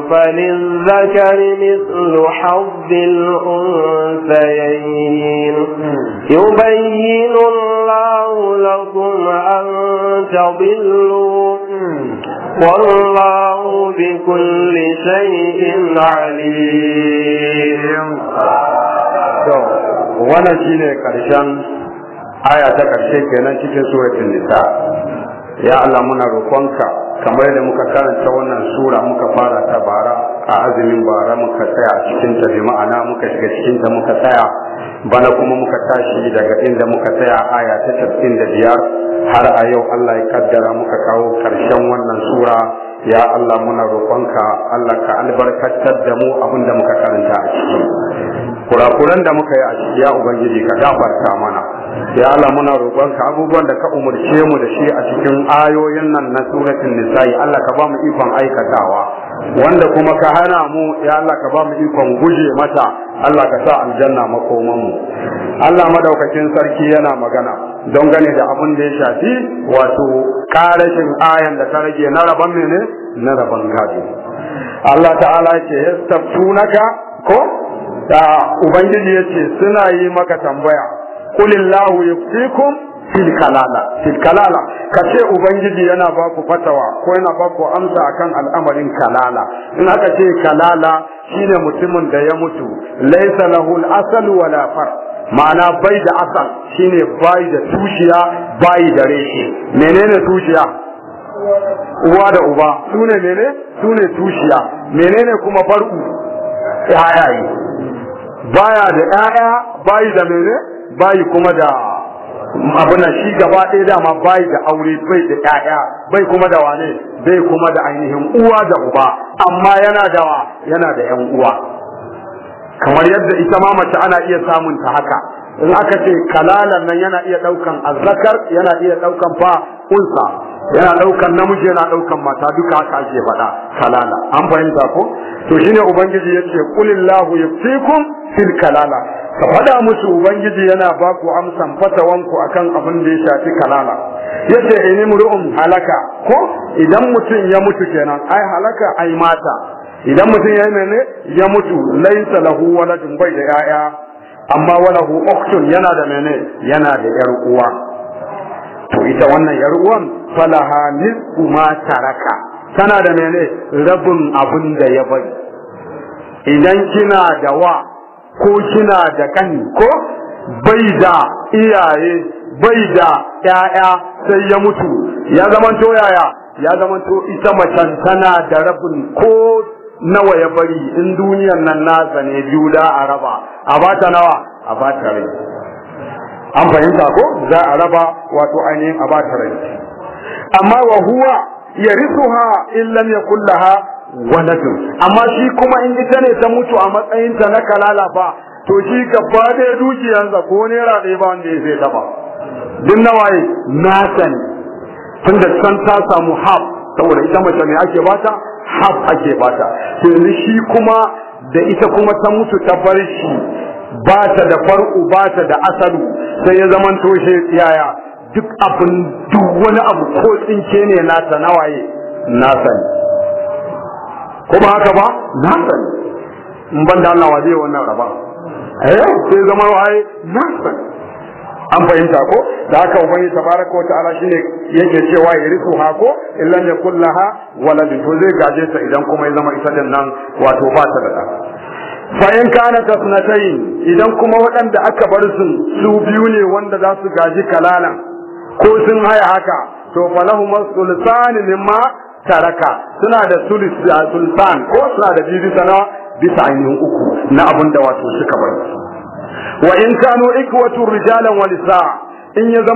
فللذكر مثل حظ الأنثيين يبين الله لكم أن تضلوا والله بكل شيء عليم to wannan shine karshen aya ta karshe kenan cikin suratul nisa ya Allah muna roƙonka kamar da muka karanta wannan sura muka fara ta bara a azumin bara muka tsaya cikin ta ma'ana muka shiga cikin ta muka tsaya bana kuma muka tashi daga inda muka tsaya aya ta biyar. har a yau Allah ya kaddara muka kawo karshen wannan sura ya Allah muna roƙonka Allah ka albarkatar da mu abinda muka karanta a ciki kurakuran da muka yi a ya ubangiji ka gafarta mana ya Allah muna ka abubuwan da ka umarce mu da shi a cikin ayoyin nan na suratul nisa'i Allah ka ba mu ikon aikatawa wanda kuma ka hana mu ya Allah ka ba mu ikon guje mata Allah ka sa aljanna makoman mu Allah madaukakin sarki yana magana don gane da abin da ya shafi wato karashin ayan da ta rage na rabon mene na rabon gado Allah ta'ala ya ce yastaftunaka ko da ubangiji yace suna yi maka tambaya kulillahu yuftikum fil kalala fil kalala kace ubangiji yana ba ku fatawa ko yana ba ku amsa akan al'amarin kalala in aka ce kalala shine mutumin da ya mutu laysa lahu al wala far ma'ana bai da asal shine bai da tushiya bai da reshe menene tushiya uwa da uba sune menene? sune tushiya menene kuma farku yayaye baya da ƴaƴa bayi da mene bayi kuma da abuna shi gaba ɗaya dama bayi da aure bai da ƴaƴa bai kuma da wane bai kuma da ainihin uwa da uba amma yana da yana da ƴan uwa kamar yadda ita ma mace ana iya samun ta haka in aka ce kalalan nan yana iya ɗaukan azzakar yana iya ɗaukan fa unsa yana daukan namiji yana daukan mata duka haka ake faɗa kalala an fahimta ko to shine ubangiji yace kulillahu yaftikum fil kalala ka faɗa musu ubangiji yana ba ku amsan fatawanku akan abin da ya shafi kalala yace ini mur'um halaka ko idan mutum ya mutu kenan ai halaka ai mata idan mutum ya mene ya mutu laysa lahu waladun bai da yaya amma walahu ukhtun yana da mene yana da yar uwa to ita wannan yar uwan falaha nisfu ma taraka tana da mene rabin abin da ya bari idan kina da wa ko kina da kani ko bai da iyaye bai da 'ya'ya sai ya mutu ya zamanto yaya ya zamanto ita mace, tana da rabin ko nawa ya bari in duniyar nan na zane biyu da a raba a bata nawa a bata rai an fahimta ko za a raba wato ainihin a bata rai amma wa huwa ha in lam ha laha waladu amma shi kuma in ita ne ta mutu a matsayin ta na kalala fa to shi gaba da dukiyansa ko naira ɗaya ba wanda ya zai taba din nawaye na sani Tun da san ta samu hab saboda ita mace ne ake bata hab ake bata yanzu shi kuma da ita kuma ta mutu ta bar shi ba ta da far'u ba ta da asalu sai ya zaman toshe yaya duk abin duk wani abu ko tsinke ne na nawaye na sani kuma haka ba na sani in ban da Allah waje wannan raba eh sai zaman waye na sani an fahimta ko da haka ubangi tabaraka wa ta'ala shine yake cewa yarisu ha ko illan yakullaha waladun to zai gaje ta idan kuma ya zama ita din nan wato ba ta da bayan kana tasnatai idan kuma waɗanda aka bar su su biyu ne wanda za su gaji kalala ko sun haya haka to falahu masulsan mimma taraka suna da sulsan ko suna da bibi sana bisa ainihin uku na abin da wato suka bar wa in kanu ikwatu rijalan wa in ya to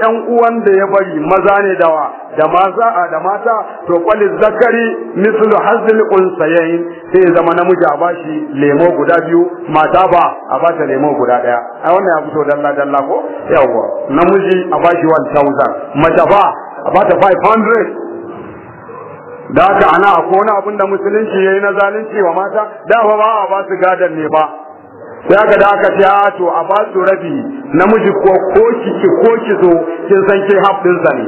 ƴan uwan da ya bari maza ne dawa da maza a da mata to qal zakari mithlu hazl unsayain sai ya zama namiji a bashi lemo guda biyu mata ba a bata lemo guda daya ai wannan ya fito dalla dalla ko yawa namiji a bashi 1000 mace ba a bata 500 da haka ana a kona abin da musulunci ya yi na zalunci wa mata da ba a ba su gadon ne ba Ya ga da aka ce ah, to a ba su rabi namiji ko ko ki ki ko ki zo kin san ke haf din sa ne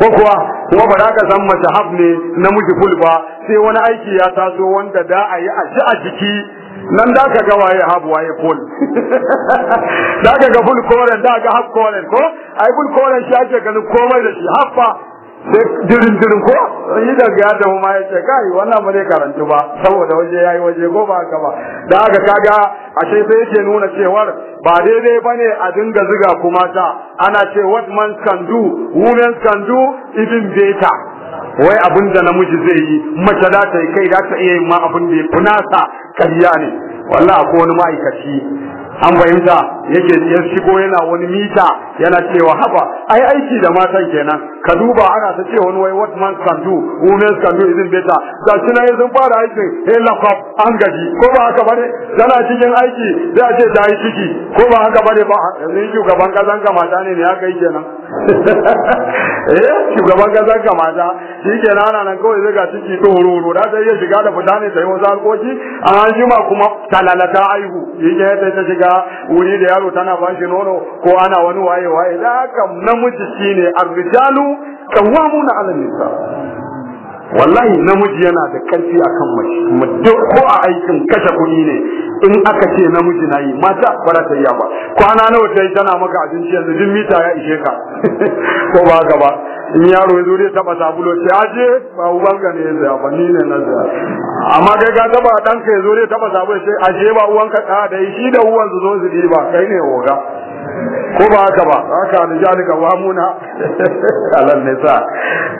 ko kuwa ko ba za ka san mace haf ne namiji fulba? sai wani aiki ya taso wanda da a yi a ji a jiki nan da ka ga waye haf waye ful da ka ga ful koren da ka haf koren ko ai ful koren shi ake ganin komai da shi haf fa. sai jirin ko yi da ga ya kuma ya ce kai wannan ba zai karantu ba saboda waje yayi waje ko ba haka ba da aka kaga ashe sai yake nuna cewar ba daidai bane a dinga ziga kuma ta ana ce what man can do women can do even better wai abin da namiji zai yi mace za ta yi kai za ta iya yin ma abin da ya kunasa karya ne wallahi ko wani ma'aikaci an fahimta yake ya shigo yana wani mita yana cewa haba ai aiki da matan kenan ka duba ana ta ce wani wai what man can do women can do isn't better da kina sun fara aikin hey lakab an gaji ko ba haka bane tana cikin aiki sai a ce ta yi ciki ko ba haka bane ba yanzu shugaban kazan ka mata ne ne haka yi kenan eh shugaban kasa kamata shi ke nana nan kawai zai ga ciki to horo da ta iya shiga da fita ne ta yi wasu harkoki a an kuma talalata aihu shi ke ta ta shiga wuri da yaro tana ba shi nono ko ana wani waye waye da haka namiji shine arrijalu kawamuna ala nisa wallahi namiji yana da karfi akan mace duk ko a aikin kashe kuɗi ne in aka ce namiji na yi mata ba za ta yi ba kwana nawa ta yi tana maka abinci yanzu duk mita ya ishe ka ko ba ka ba in yaro ya zo zai taɓa sabulo ce ah, je ba ubanka ne ya zaya ba ni ne na zaya amma kai ka taɓa ɗanka ya zo zai taɓa sabulo ce ah, je ba uwan ka da shi da uwan su zo su ba kai ne oga ko ba haka ba haka da jalika wa muna alal nisa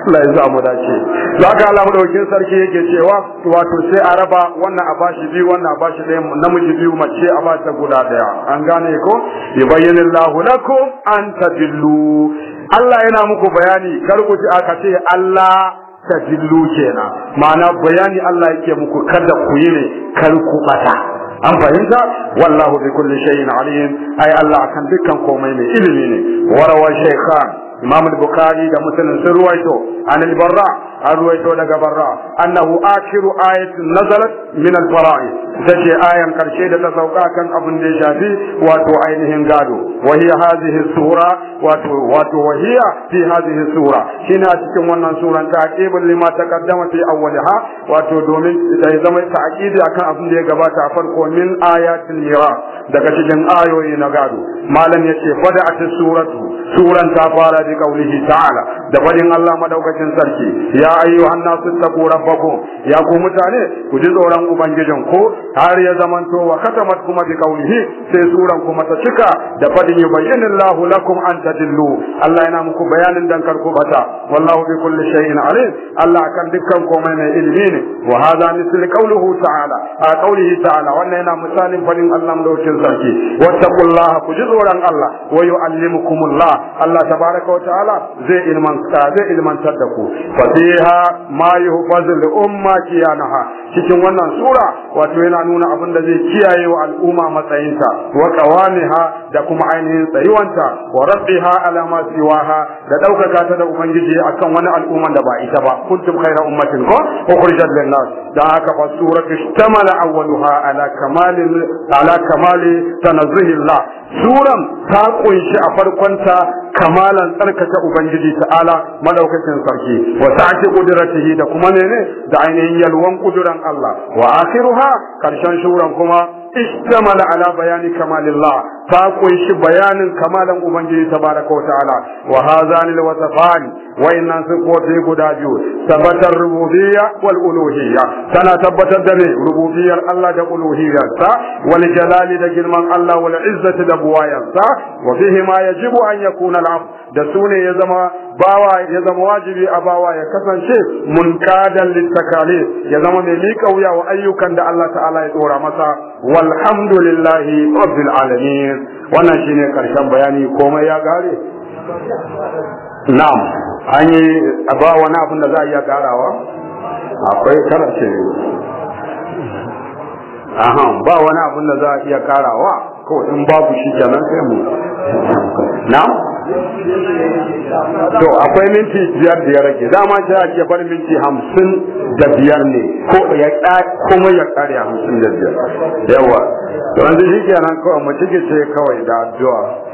Allah ya samu dace za ka Allah madaukin sarki yake cewa wato sai a raba wannan a bashi biyu wannan a bashi ɗaya namiji biyu mace a bata guda daya an gane ko yubayyin Allahu lakum an tadillu Allah yana muku bayani kar ku ji aka ce Allah tadillu kenan ma'ana bayani Allah yake muku kada ku yi ne kar ku bata an fahimta wallahu bi kulli shay'in alim ai Allah kan dukkan komai mai ilimi ne warawa shaykhan imam al-bukhari da muslim sun ruwaito an al-barra an ruwaito daga barra annahu akhiru ayatin nazalat min al-fara'i tace ayan karshe da ta sauka kan abin da ya shafi wato ainihin gado wa hiya hadhihi sura wato wato wa hiya fi hadhihi sura shine cikin wannan suran ta'qibul lima taqaddama fi awwaliha wato domin da ya zama ta'qidi akan abin da ya gabata a farko min ayatil miras daga cikin ayoyi na gado malam yace fada a suratu suran ta fara bi kaulihi ta'ala da fadin Allah madaukakin sarki ya ayyuhan nasu taqu rabbakum ya ku mutane ku ji tsoron ubangijin ku har ya zamanto wa katamat kuma bi qawlihi sai suran kuma ta cika da fadin yubayyinu Allahu lakum an tadillu Allah yana muku bayanin dan karku bata wallahu bi kulli shay'in alim Allah akan dukkan komai mai ilimi ne wa hadha misl qawluhu ta'ala a qawlihi ta'ala wannan yana misalin fadin Allah madaukakin sarki wattaqullaha ku ji tsoron Allah wa yu'allimukumullah Allah tabaraka wa ta'ala zai ilman zai ilmantar da ku Fasiha fiha ma umma kiyanaha cikin wannan sura wato yana nuna abin da zai kiyaye wa al'umma matsayinta wa qawamiha da kuma ainihin tsayuwanta wa rabbiha ala ma siwaha da daukaka ta da ubangiji akan wani al'umman da ba ita ba kuntum khayra ummatin ko ukhrijat lin nas da haka fa suratu ishtamala awwaluha ala kamali ala kamali tanazzuhi suran ta kunshi a farkonta kamalan tsarkake ubangiji ta'ala madaukakin sarki wa ta'ati qudratihi da kuma nene da ainihin yalwan kuduran Allah wa akhiruha karshen suran kuma istamala ala bayani kamalillah ta kunshi bayanin kamalan ubangiji tabaraka wa ta'ala wa hadha watafani wayannan sifofi guda biyu tabbatar rububiyya wal uluhiyya tana tabbatar da ne rububiyyar Allah da uluhiyyarsa wal jalali da girman Allah wal izzati da buwayarsa wa fihi ma yajibu an yakuna al da sune ya zama bawa ya zama wajibi a bawa ya kasance munkadan littakali ya zama mai miƙa wuya wa ayyukan da Allah ta'ala ya dora masa walhamdulillahi rabbil alamin wannan shine karshen bayani komai ya gare na'am an yi ba wani abin da za a iya karawa akwai karance aha ba wani abin da za a iya karawa ko in babu shi kenan sai mu na'am to akwai minti biyar da ya rage dama sai ake bar minti hamsin da biyar ne ko ya kuma ya kare hamsin da biyar yawa to yanzu shi kenan kawai mu cike ce kawai da addu'a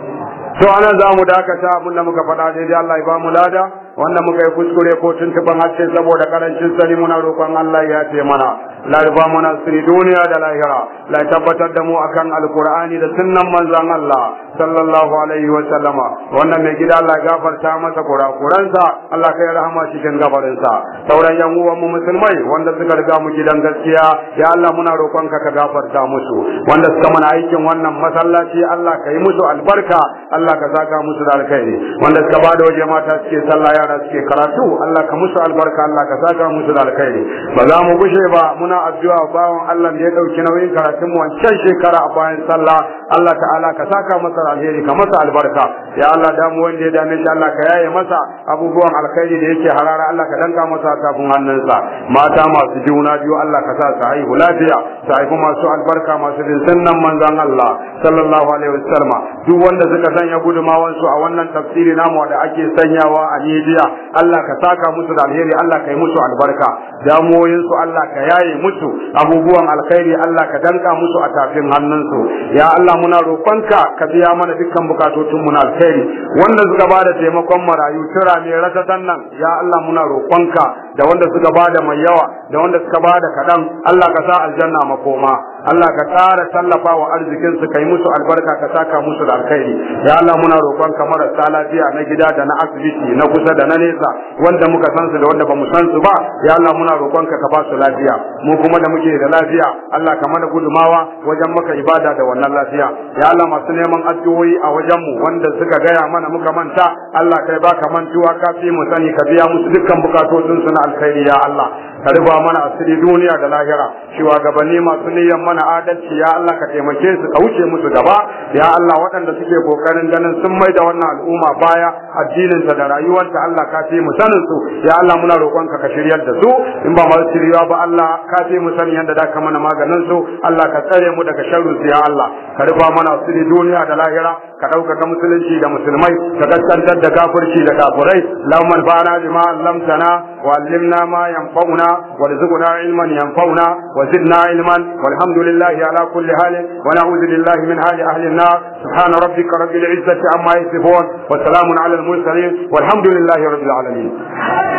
to anan za mu dakata abin da muka faɗa daidai Allah ya ba mu lada wanda muka yi kuskure ko tuntuban haske saboda karancin sani muna roƙon Allah ya ce mana larba muna siri duniya da lahira la tabbatar da mu akan alqur'ani da sunnan manzon Allah sallallahu alaihi wa sallama wannan mai gida Allah gafarta masa kurakuransa Allah kai rahama cikin gabarinsa sauran yan uwan mu musulmai wanda suka riga mu gidan gaskiya ya Allah muna roƙon ka ka gafarta musu wanda suka mana aikin wannan masallaci Allah kai musu albarka Allah ka saka musu da alkhairi wanda suka bada wajen mata suke sallah yara suke karatu Allah ka musu albarka Allah ka saka musu alkhairi ba za mu gushe ba muna addu'a bawan Allah da ya dauki nauyin karatun mu wancan shekara a bayan sallah Allah ta'ala ka saka masa alheri ka masa albarka ya Allah damu wanda ya dame shi Allah ka yaye masa abubuwan alkhairi da yake harara Allah ka danka masa kafin hannunsa mata masu juna biyu Allah ka sa su haihu lafiya su haifi masu albarka masu bin sunnan manzon Allah sallallahu alaihi wasallam duk wanda suka sanya gudumawan su a wannan tafsiri namu da ake sanyawa a media Allah ka saka musu da alheri Allah ka yi musu albarka damoyin su Allah ka yaye musu abubuwan alkhairi Allah ka danka musu a tafin hannunsu ya Allah muna roƙonka ka biya mana dukkan bukatotun mu na alkhairi wanda suka bada taimakon marayu tura mai ratatan nan ya Allah muna roƙonka da wanda suka bada mai yawa da wanda suka bada kaɗan Allah ka sa aljanna makoma Allah ka tara tallafa wa arzikin su kai musu albarka ka saka musu da alkhairi ya Allah muna roƙon marasa lafiya na gida da na asibiti na kusa da na nesa wanda muka san su da wanda bamu san su ba ya Allah muna roƙon ka ka ba su lafiya mu kuma da muke da lafiya Allah ka mana gudumawa wajen maka ibada da wannan lafiya ya Allah masu neman addu'o'i a wajen mu wanda suka gaya mana muka manta Allah kai baka mantuwa ka fi mu sani ka biya musu dukkan bukatun suna alkhairi ya Allah ka riba mana asiri duniya da lahira cewa masu niyyar mana adalci ya Allah ka taimake su ka wuce musu gaba ya Allah waɗanda suke kokarin ganin sun mai da wannan al'umma baya addininsa da rayuwarta Allah ka fi mu sanin su ya Allah muna roƙonka ka shiryar da su in ba masu shirya ba Allah ka fi mu sanin yadda za ka mana maganin su Allah ka tsare mu daga sharrin su ya Allah ka riba mana asiri duniya da lahira ka ɗaukaka musulunci da musulmai ka gaskantar da kafirci da kafurai lamar bana lima lamtana وعلمنا ما ينفعنا وارزقنا علما ينفعنا وزدنا علما والحمد لله على كل حال ونعوذ بالله من حال أهل النار سبحان ربك رب العزة عما يصفون وسلام على المرسلين والحمد لله رب العالمين